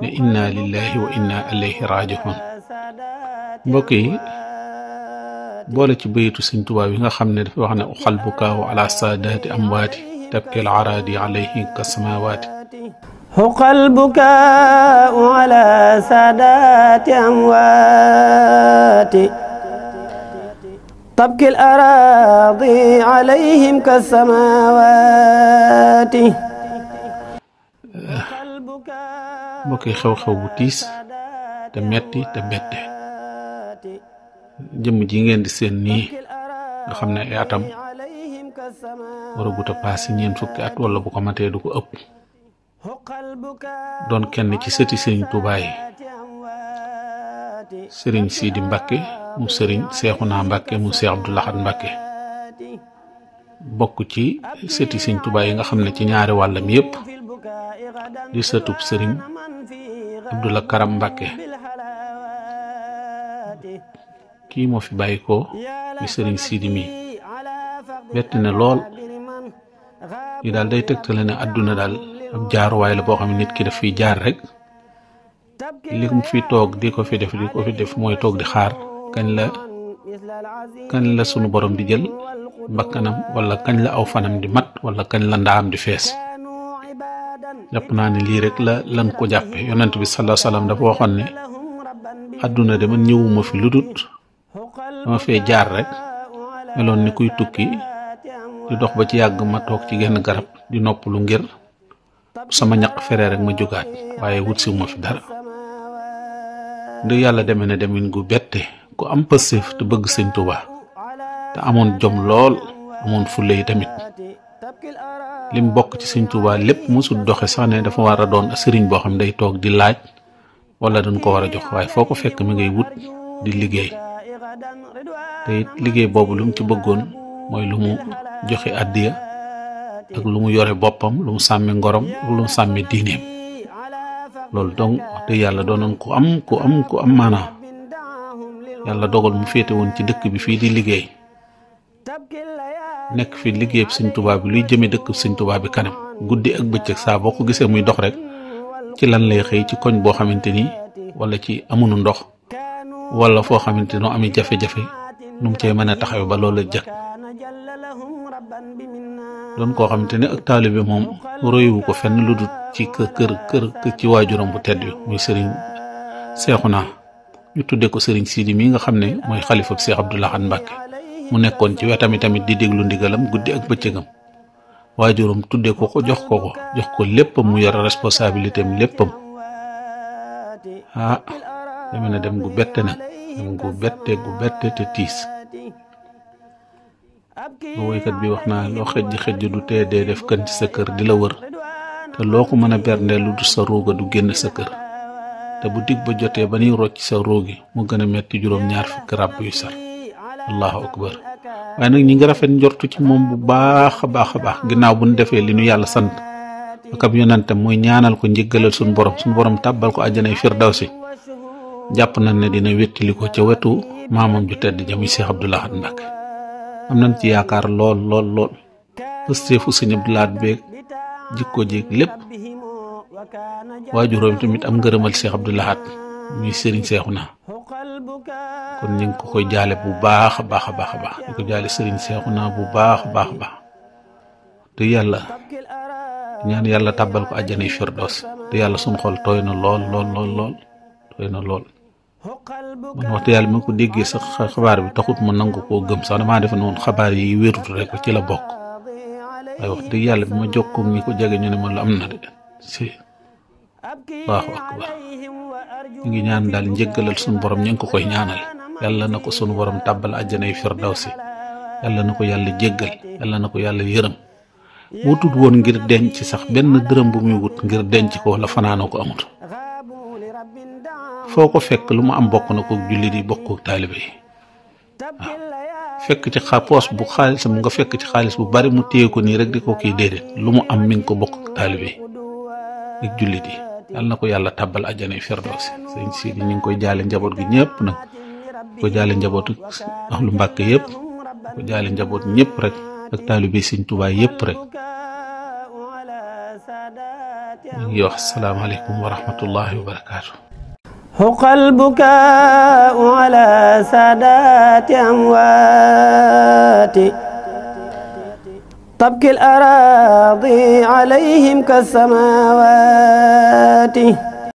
ne inna lillahi wa inna ilayhi raji'un mbokki bolé ci beytu sëñ touba wi nga xamné dafa wax ne uxal bukaawu ala saadaati amwaati tabkil aradi alayhi ka samawaati uxal bukaawu ala saadaati amwaati tabkil araadi alayhim mo yi xew-xew bu tiis te metti te bette jëmm ji ngeen di seen nii nga xam ne ay atam waragut a paas si ñeent fukki at wala bu ko matee du ko ëpp doon kenn ci sëti sëriñ Tuubaa yi sëriñ Sidi Mbàkke mu sëriñ Seexuna Mbàkke mu Seex Abdul Ahad Mbàkke bokk ci sëti sëriñ Tuubaa yi nga xam ne ci ñaari wàllam yépp di sëtub sëriñ Abdoulah Karam Mbàkke kii moo fi bàyyikoo ko sëriñ Sidi mi bett na lool li daal day tegtale ne àdduna daal ab jaaruwaay la boo xam ne nit ki daf fiy jaar rek li mu fi toog di ko fi def di def mooy toog di xaar kañ la kañ sunu boroom di jël mbakkanam wala kañ la aw fanam di mat wala kañ la ndaam di fees jàpp naa ne rek la lan ko jappé yonent bi alayhi wasallam dafa waxon ne aduna dama man fi ludut dama fe jaar rek melon ni kuy tukki di dox ba ci yag ma tok ci genn garab di noppalu ngir sama ñak féré rek ma jogaat waye wut siwuma fi dara ndi yalla demé na demin gu bette ku am pësif te bëgg sëñ touba te amoon jom lool amoon fulla tamit lim bok ci sëñ touba lepp musu doxé sax né dafa wara doon sëriñ bo xam day tok di laaj wala dañ ko wara jox way foko fekk mi ngay wut di liggéey té liggéey bobu lu mu ci bëggoon moy lu mu joxe addiya ak lu mu yore boppam lu mu sàmmi ngorom ak lu mu sàmmi diineem loolu donc wax dëgg yàlla doonoon ko am ko am ko am mana yalla dogal mu fété won ci dëkk bi fi di liggéey nekk fi liggéey sëñ tubaab bi luy jëmee dëkk sëñ Tuubaa bi kanam guddi ak bëccëg saa boo ko gisee muy dox rek ci lan lay xëy ci koñ boo xamante ni wala ci amunu ndox walla foo xamante noo amee jafe-jafe nu mu cee mën a taxaw ba loola jëkk doon koo xamante ni ak taalibe moom royewu ko fenn lu dul ci kër kër kër ci waajuram bu tedd bi muy sëriñ Seexuna ñu tuddee ko sëriñ Sidi mi nga xam ne mooy xalifab Seex Abdou Lahad mu nekkoon ci wetami tamit di déglu ndigalam guddi ak bëccëgam waajuram tudde ko ko jox ko ko jox ko léppam mu yor responsabilité am léppam ah dama na dem gu bette nag dem gu bette gu bette te tiis ba woykat bi wax naa loo xëjj du tee dee def kan ci sa kër di la wër te loo ko mën a bernde lu du sa rooga du génn sa kër te bu dig ba jotee ba rocc sa roogi mu gën metti juróom ñaar fi yu sar allahu akbar waaye nag ñi nga rafet njortu ci moom bu baax a baax a baax ginnaaw bu ñu defee li ñu yàlla sant ak ab mooy ñaanal ko njëggalal suñu borom suñu borom tàbbal ko àjjanay firdawsi jàpp nañ ne dina wéttali ko ca wetu maamam ju tedd ja muy Cheikh Abdou Lahad Mbacké am nañ ci yaakaar lool lool lool pësteefu sëñ Abdou Lahad beeg jikko jéeg lépp waajuróom tamit am ngërëmal Cheikh Abdou Lahad muy seexu Cheikhouna kon ñu ngi ko koy jaale bu baax a baax a baax a baax di ko jaale sëriñ Seexuna bu baax a baax a baax te yàlla ñaan yàlla tàbbal ko àjjana firdaws te yàlla suñ xol tooy na lool lool lool tooy na lool man waxtu yàlla mi ngi ko déggee sax xabaar bi taxut ma nangu koo gëm sax damaa defe noonu xabaar yi wérut rek ci la bokk waaye wax dëgg yàlla bi ma jokkoog ñi ko jege ñu ne ma la am na de allahu akbar ñu ngi ñaan daal njëggalal sunu borom ñu ngi ko koy ñaanal yàlla na ko sunu borom tàbbal àjjanay si yàlla na ko yàlla jéggal yàlla na ko yàlla yërëm wutut woon ngir denc sax benn dërëm bu muy wut ngir denc ko la fanaanoo ko amut foo ko fekk lu mu am bokk na ko jullit yi bokk ak taalibe yi waaw fekk ci poos bu xaalisam nga fekk ci xaalis bu bari mu téye ko nii rek di ko kii déedéet lu mu am mi ngi ko bokk ak taalibe yi ak yalla ko yalla tabal aljana firdaus seigne sidi ni ngi koy jale njabot gi ñepp nak ko jaale njabootu ahlu mbak yepp ko jale njabot ñepp rek ak talibé seigne touba yepp rek yo assalamu alaykum wa rahmatullahi wa barakatuh هو قلبك على سادات أمواتي تبكي الأراضي عليهم كالسماوات